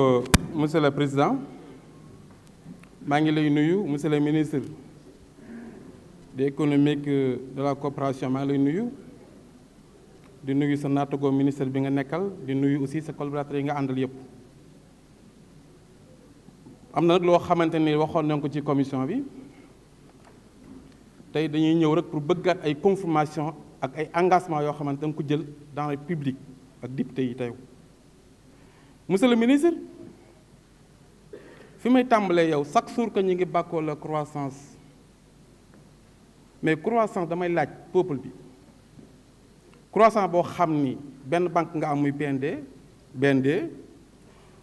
Euh, monsieur le président maa ngi lay nuyu monsieur le ministre de économique euh, de la coopération maa ngi lay nuyu di nuyu sa naatago ministre bi nga nekkal di nuyu aussi sa collaborateur yi nga àndal yëpp am na nag loo xamante ni waxoon nañ ko ci commission bi tey dañuy ñëw rek pour bëggaat ay confirmation ak ay engagement yoo xamante danga ko jël dans le public ak député yi tey monsieur ministre fi may tàmbalee yow chaque jour que ñu ngi bàkkoo la croissance mais croissance damay laaj peuple bi croissance boo xam ni benn banque nga am muy BND BND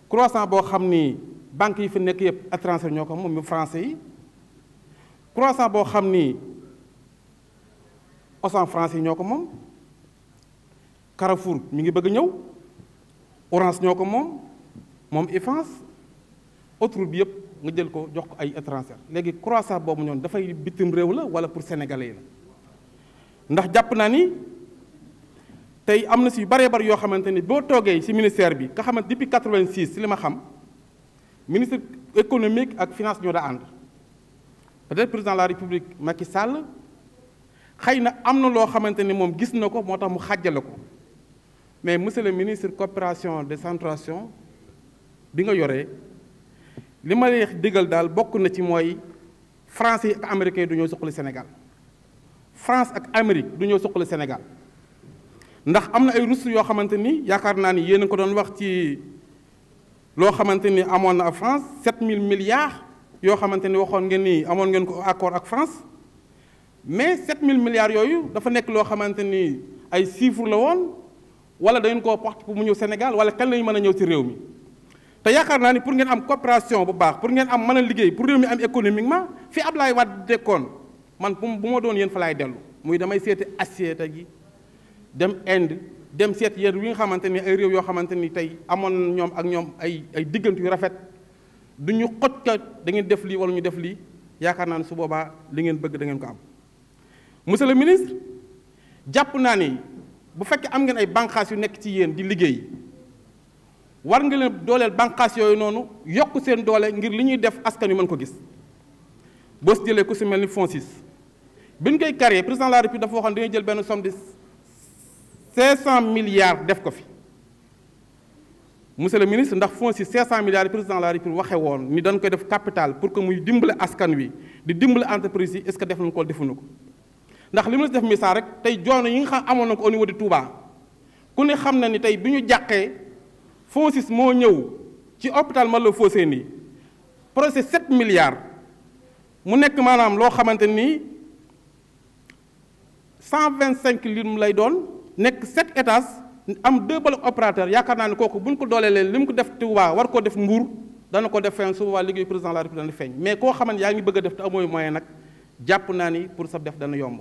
croissance boo xam ni banque yi fi nekk yëpp étranger ñoo ko moom mu français yi croissance boo xam ni Auchan français yi ñoo ko moom Carrefour ñu ngi bëgg ñëw Orange ñoo ko moom moom Eiffage autoroute bi yëpp nga jël ko jox ko ay étranger léegi croissance boobu ñoon dafay bitim réew la wala pour sénégalais la ndax jàpp naa ni tey am na si yu baree bari yoo xamante ni boo toogee si ministère bi nga xamante depuis 86 si li ma xam ministre économique ak finance ñoo daa ànd président la république Macky sàll xëy na am na loo xamante ni moom gis na ko moo tax mu xàjjale ko mais monsieur le ministre coopération centration bi nga yoree li ma lay digal daal bokk na ci mooy français ak américain du ñoo suqali Sénégal France ak Amérique du ñoo suqali Sénégal ndax am na ay ressources yoo xamante ni yaakaar naa ni yéen a ko doon wax ci loo xamante ni amoon na ak France 7000 milliards yoo xamante ni waxoon ngeen ni amoon ngeen ko accord ak France mais 7000 milliards yooyu dafa nekk loo xamante ni ay chiffres la woon wala da ngeen koo porte pour mu ñëw Sénégal wala kan lañu mën a ñëw ci réew mi. te yaakaar naa ni pour ngeen am coopération bu baax pour ngeen am mën a liggéey pour réew mi am économiquement fi Ablaye Wade dekkoon man bu ma doon yéen fa dellu muy damay seeti assiette gi dem Inde dem seet yéen wi nga xamante ni ay réew yoo xamante ni tey amoon ñoom ak ñoom ay ay diggante yu rafet du ñu xoj ka da ngeen def lii wala ñu def lii yaakaar naa ni su boobaa li ngeen bëgg dangeen ko am monsieur le ministre jàpp naa ni bu fekkee am ngeen ay bànqaas yu nekk ci yéen di liggéey. war nga leen dooleel bànqaas yooyu noonu yokk seen doole ngir li ñuy def askan wi mën ko gis boo si jëlee ku si mel ni FONSIS bi ñu koy créé président de la république dafa waxoon dañuy jël benn somme de 500 milliards def ko fi monsieur le ministre ndax FONSIS 500 milliards président de la république waxee woon ni dañ koy def capital pour que muy dimbale askan wi di dimbale entreprise yi est-ce que def nañ ko defuñu ko ndax li mu def misaal rek tey joono yi nga xam amoon na ko au niveau de Touba ku ne xam na ni tey bi ñu jàqee. FONSIS moo ñëw ci hôpital Matlaboul Fawzeyni projet 7 milliards mu nekk maanaam loo xamante ni 125 lim lay doon nekk 7 étages am deux blocs yaakaar naa ne kooku bu ñu ko dooleelee li mu ko def Touba war koo def Mbour dana ko def feeñ su boobaa liggéey président de la République dana feeñ mais koo xam ne yaa ngi bëgg a def te amooy moyen nag jàpp naa ni pour sa def dana yomb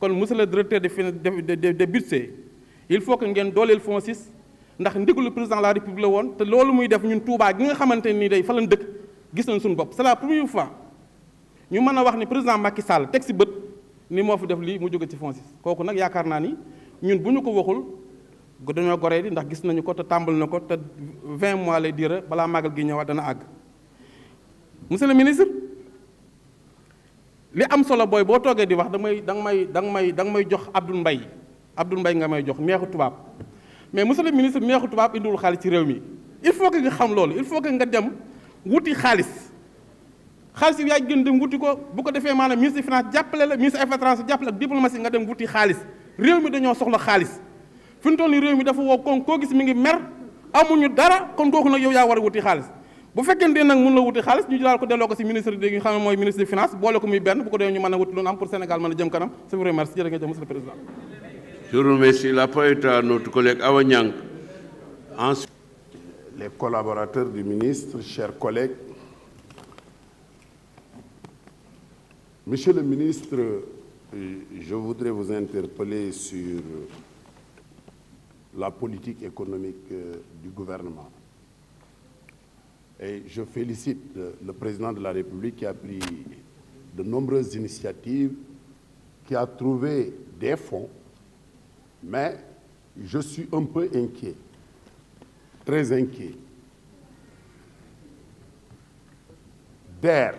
kon monsieur le directeur de de de budget il faut que ngeen dooleel FONSIS ndax ndigalu président de la république la woon te loolu muy def ñun Touba gi nga xamante nii day fa lañ dëkk gis nañ suñu bopp c'est la première fois ñu mën a wax ni président Macky Sall teg si bët ni moo fi def lii mu jóge ci fonds kooku nag yaakaar naa ni ñun bu ñu ko waxul dañoo goree di ndax gis nañu ko te tàmbal na ko te vingt mois lay dire balaa màggal gi ñëwaat dana àgg monsieur le ministre li am solo booy boo toogee di wax damay danga may danga may danga may jox Abdoul Mbaye Abdoul Mbaye nga may jox neexu tubaab mais monsieur le ministre neexu tubaab indiwul xaalis ci réew mi il faut que nga xam loolu il faut que nga dem wuti xaalis xaalis yaay gën dem wuti ko bu ko defee maanaam ministre des jàppale la ministre ak diplomatie nga dem wuti xaalis réew mi dañoo soxla xaalis fi réew mi dafa woo kon koo gis mi ngi mer amuñu dara kon kooku nag yow yaa war a wuti xaalis bu fekkente nag mun la wuti xaalis ñu jëlaal ko delloo ko si ministre bi nga mooy Je remercie la parole à notre collègue Awanyang. Ensuite... Les collaborateurs du ministre, chers collègues, Monsieur le ministre, euh, je voudrais vous interpeller sur la politique économique euh, du gouvernement. Et je félicite euh, le président de la République qui a pris de nombreuses initiatives, qui a trouvé des fonds Mais je suis un peu inquiet, très inquiet. DER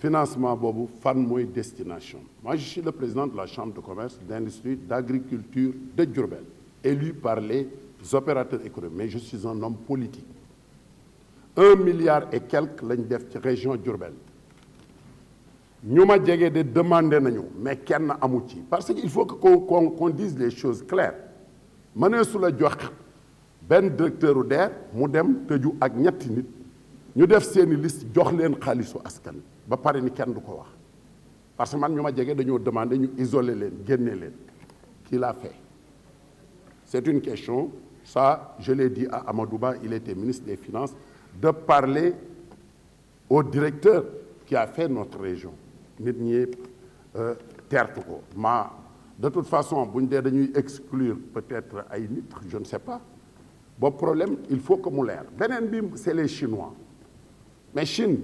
financement boobu fan mooy destination moi je suis le président de la chambre de commerce d'industrie d'agriculture de Diourbel élu par les opérateurs économiques mais je suis un homme politique un milliard et quelques lañ def ci région Diourbel ñu ma jege de demandé nañu mais kenn amu ci parce que il faut que qu'on qu'on dise les choses claires mënee su la jox benn directeur u DER mu dem tëju ak ñetti nit ñu def seeni liste jox leen xaalisu askan ba pare ni kenn du ko wax parce que man ñu ma jege dañoo demande ñu isoler leen génne leen qui l'a fait c'est une question ça je l'ai dit à Amadou Ba il était ministre des finances de parler au directeur ki a fait notre région nit ñi yëpp euh, teertu ko ma de toute façon bu ñu dee dañuy exclure peut-être ay nit je ne sais pas boobu problème il faut que mu leer beneen bi c'est les chinois mais Chine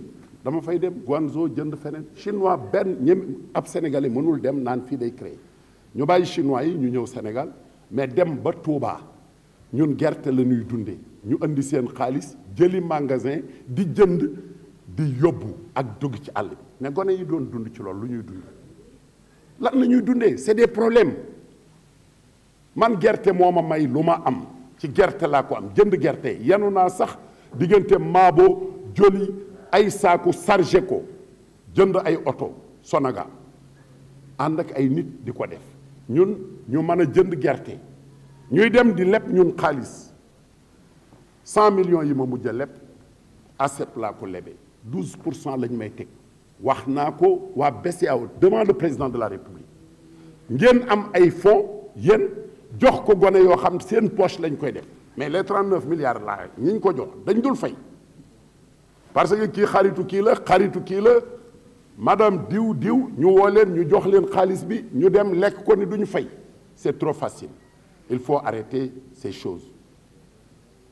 dama fay dem Guangzhou jënd feneen chinois benn ñem ab sénégalais mënul dem naan fii day créer ñu bàyyi chinois yi ñu ñëw Sénégal mais dem ba Touba ñun gerte la ñuy dundee ñu indi seen xaalis jëli magasin di jënd di yóbbu ak dugg ci àll bi mais gone yi doon dund ci loolu lu ñuy dund lan la ñuy dundee c'est des problèmes man gerte moo ma may lu ma am ci gerte laa ko am jënd gerte yenu naa sax diggante maabo joli ay saaku sarge ko jënd ay oto sonaga ànd ak ay nit di ko def ñun ñu mën a jënd gerte ñuy dem di leb ñun xaalis cent millions yi ma mujj a leb ACEP laa ko lebee 12 pour cent la ñu may teg wax naa ko waa BCEAO demande le président de la république ngeen am ay fonds yéen jox ko gone yoo xam seen poche lañ koy def mais les 39 milliards laa ñi ñu ko jox dañu dul fay parce que kii xaritu kii la xaritu kii la madame diw diw ñu woo leen ñu jox leen xaalis bi ñu dem lekk ko ni duñu fay c'est trop facile il faut arrêter ces choses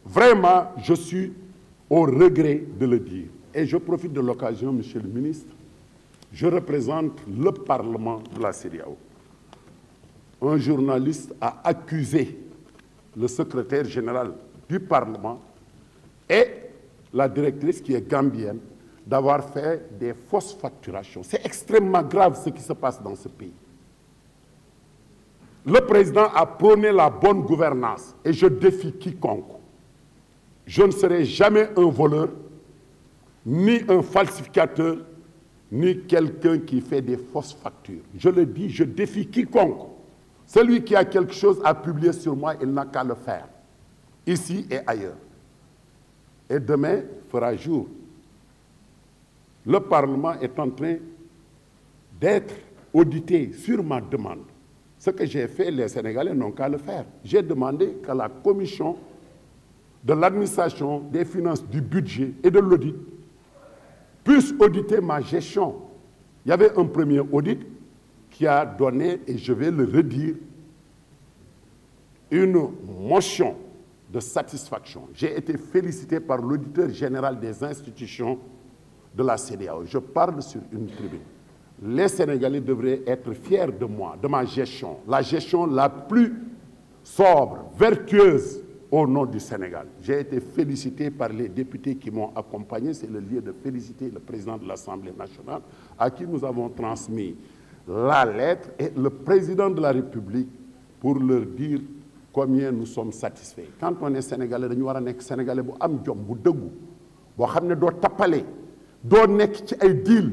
vraiment je suis au regret de le dire Et je profite de l'occasion, Monsieur le ministre, je représente le Parlement de la CEDEAO. Un journaliste a accusé le secrétaire général du Parlement et la directrice qui est gambienne d'avoir fait des fausses facturations. C'est extrêmement grave ce qui se passe dans ce pays. Le président a prôné la bonne gouvernance et je défie quiconque. Je ne serai jamais un voleur ni un falsificateur, ni quelqu'un qui fait des fausses factures. Je le dis, je défie quiconque. Celui qui a quelque chose à publier sur moi, il n'a qu'à le faire, ici et ailleurs. Et demain fera jour. Le Parlement est en train d'être audité sur ma demande. Ce que j'ai fait, les Sénégalais n'ont qu'à le faire. J'ai demandé que la commission de l'administration, des finances, du budget et de l'audit puisse auditer ma gestion. Il y avait un premier audit qui a donné, et je vais le redire, une motion de satisfaction. J'ai été félicité par l'auditeur général des institutions de la CDAO. Je parle sur une tribune. Les Sénégalais devraient être fiers de moi, de ma gestion, la gestion la plus sobre, vertueuse au nom du Sénégal. J'ai été félicité par les députés qui m'ont accompagné. C'est le lieu de féliciter le président de l'Assemblée nationale à qui nous avons transmis la lettre et le président de la République pour leur dire combien nous sommes satisfaits. Quand on est Sénégalais, dañu war a nekk Sénégalais bu am jom bu dëggu boo xam ne doo tappale doo nekk ci ay deal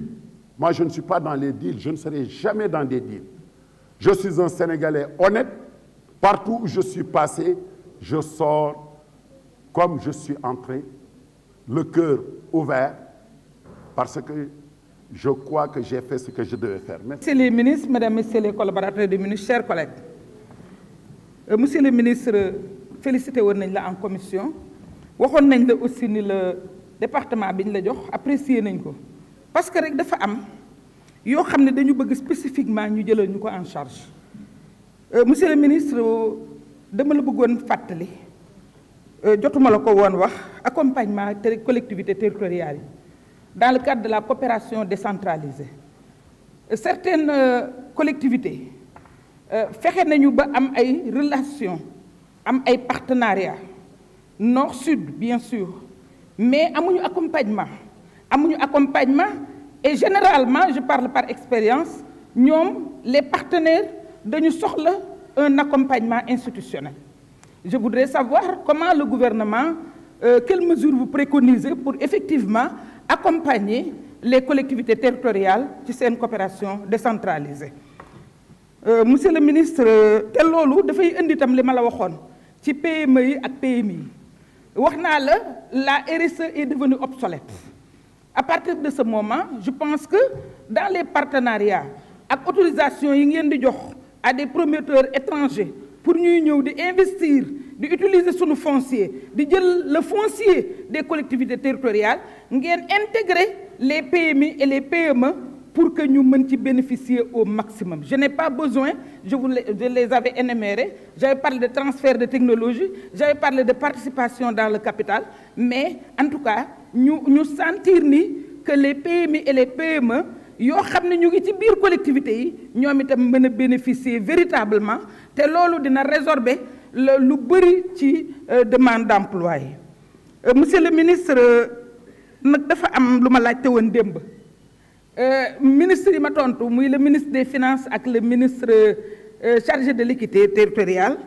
moi je ne suis pas dans les deals je ne serai jamais dans des deals je suis un Sénégalais honnête partout où je suis passé je sors comme je suis entré, le cœur ouvert, parce que je crois que j'ai fait ce que je devais faire. Merci. Monsieur le ministre, mesdames, messieurs les collaborateurs du ministre, chers collègues, euh, monsieur le ministre, félicité woon nañ la en commission waxoon nañ la aussi ni le département bi ñu la jox apprécier nañ ko parce que rek dafa am yoo xam ne dañu bëgg spécifiquement ñu jëlal ñu ko en charge euh, monsieur ministre. dama la bëggoon fàttali euh, jotuma la ko woon wax accompagnement te collectivités territoriales yi dans le cadre de la coopération décentralisée certaines euh, collectivités euh, fexe nañu ba am ay relations am ay partenariat nord sud bien sûr mais amuñu accompagnement amuñu accompagnement et généralement je parle par expérience ñoom les partenaires dañu soxla un accompagnement institutionnel. Je voudrais savoir comment le gouvernement, euh, quelles bu vous pour effectivement accompagner les collectivités territoriales ci seen coopération décentralisée. Euh, monsieur le ministre te loolu dafay indi itam li ma la waxoon ci PME yi ak PMI yi wax naa la la RSE est devenue obsolète à partir de ce moment je pense que dans les partenariats ak autorisation yi ngeen di jox à des promoteurs étrangers pour ñuy ñëw di investir di utiliser sunu foncier di jël le foncier des collectivités territoriales ngeen intégrer les PMI et les PME pour que ñu mën ci bénéficier au maximum je n'ai pas besoin je les je les avais énumérés j'avais parlé de transfert de technologie j'avais parlé de participation dans le capital mais en tout cas ñu ñu sentir ni que les PMI et les PME yoo xam ne ñu ngi ci biir collectivité yi ñoom itam mën a bénéficier véritablement te loolu dina résorber lu bëri ci euh, demande d'emploi yi euh, monsieur le ministre euh, nag dafa am lu ma laajte woon démb ministre yi ma tontu muy le ministre des finances ak le ministre chargé de l'équité territoriale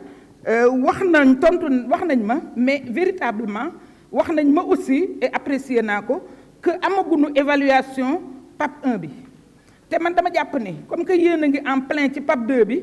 wax nañ tontu wax nañ ma mais véritablement wax nañ ma aussi et apprécier naa ko que amaguñu évaluation PAP un bi te man dama jàpp ne comme que yéen a ngi en plein ci PAP 2 bi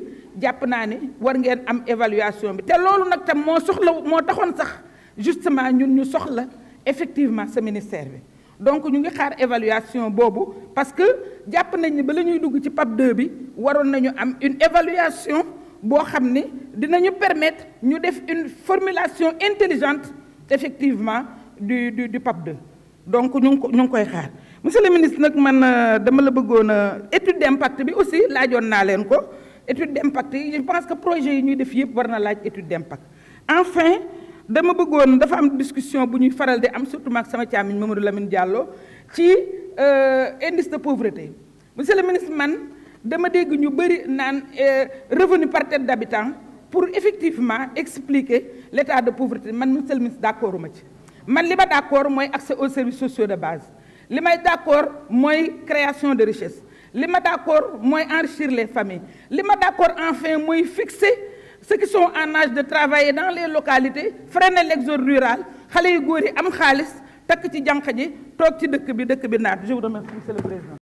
jàpp naa ne war ngeen am évaluation bi te loolu nag tam moo soxla moo taxoon sax justement ñun ñu soxla effectivement sa ministère bi donc ñu ngi xaar évaluation boobu parce que jàpp nañ ni ba la ñuy dugg ci PAP 2 bi waroon nañu am une évaluation boo xam ni dinañu permettre ñu def une formulation intelligente effectivement du du du PAP donc ñu ngi ko ñu ngi koy xaar monsieur le ministre nag man euh, dama la bëggoon a euh, étude d'impact bi aussi laajoon naa leen ko étude d'impact yi je pense que projet yi ñuy def yëpp war na laaj étude d'impact enfin dama bëggoon dafa am discussion bu ñuy faral di am surtout maak sama càmmiñ Mamadou Lamine Diallo ci euh, indice de pauvreté monsieur le ministre man dama dégg ñu bëri naan revenu par tête d'habitant pour effectivement expliquer l'état de pauvreté man monsieur le ministre d'accorduma ci man li ma d'accord mooy accès aux services sociaux de base li may d'accord mooy création de richesse li ma d'accord mooy enrichir les familles li ma d'accord enfin mooy fixer ceux qui sont en âge de travailler dans les localités freiner l'exode rural xale yu góor yi am xaalis takk ci jànq ji toog ci dëkk bi dëkk bi naat je vous remercie